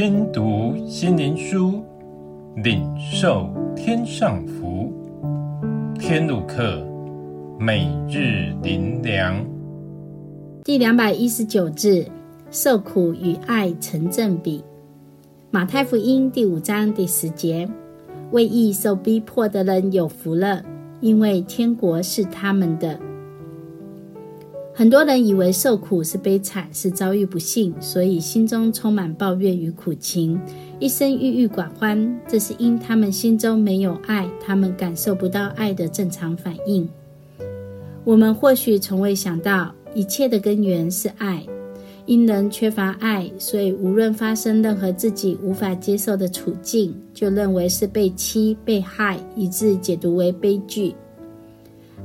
聽讀心靈書，領受天上福。天路客，每日靈糧。2 第兩百一十九日，受苦與愛成正比。馬太福音第五章第十節，為義受逼迫的人有福了，因為天國是他們的。很多人以為受苦是悲慘，是遭遇不幸，所以心中充滿抱怨與苦情，一生鬱鬱寡歡。這是因他們心中沒有愛，他們感受不到愛的正常反應。我們或許從未想到，一切的根源是愛。因人缺乏愛，所以無論發生任何自己無法接受的處境，就認為是被欺、被害，以致解讀為悲劇。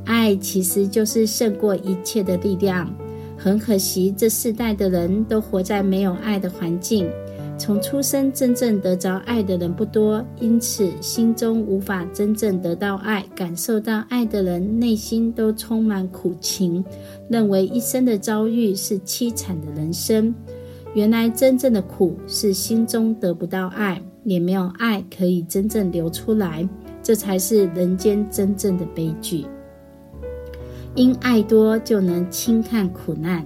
愛其實就是勝過一切的力量。很可惜，這世代的人都活在沒有愛的環境。從出生真正得着愛的人不多，因此心中無法真正得到愛，感受到愛的人內心都充滿苦情，認為一生的遭遇是淒慘的人生。原來真正的苦是心中得不到愛，也沒有愛可以真正流出來，這才是人間真正的悲劇。因愛多，就能輕看苦難。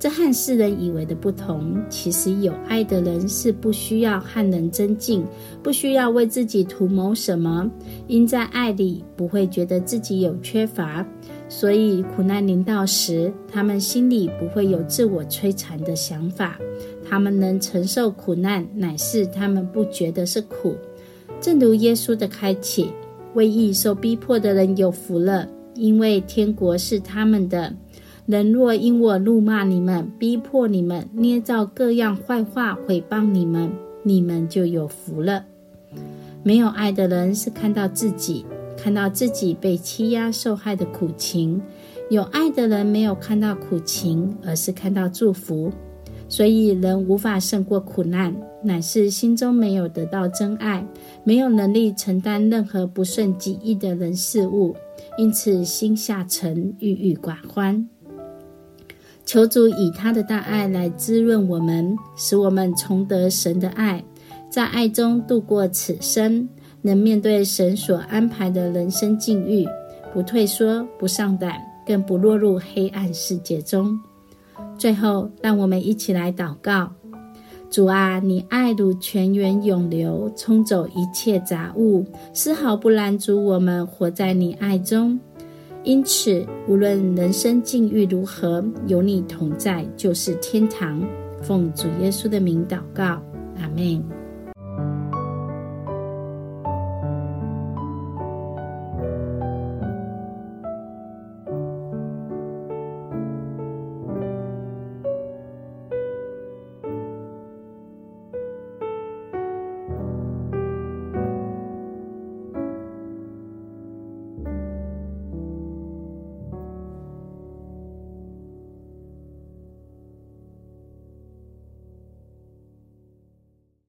這和世人以為的不同。其實有愛的人是不需要和人爭競，不需要為自己圖謀什麼。因在愛裡，不會覺得自己有缺乏，所以苦難臨到時，他們心裡不會有自我摧殘的想法。他們能承受苦難，乃是他們不覺得是苦。正如耶穌的開啟，為義受逼迫的人有福了。因為天國是他們的，人若因我辱罵你們、逼迫你們、捏造各樣壞話毀謗你們，你們就有福了。沒有愛的人是看到自己，看到自己被欺壓受害的苦情；有愛的人沒有看到苦情，而是看到祝福。所以，人無法勝過苦難，乃是心中沒有得到真愛，沒有能力承擔任何不順己意的人事物，因此心下沉，鬱鬱寡歡。求主以他的大愛來滋潤我們，使我們重得神的愛，在愛中度過此生，能面對神所安排的人生境遇，不退縮，不喪膽，更不落入黑暗世界中。最後，讓我們一起來禱告：主啊，你愛如泉源湧流，沖走一切雜物，絲毫不攔阻我們活在你愛中。因此，無論人生境遇如何，有你同在就是天堂。奉主耶穌的名禱告，阿們。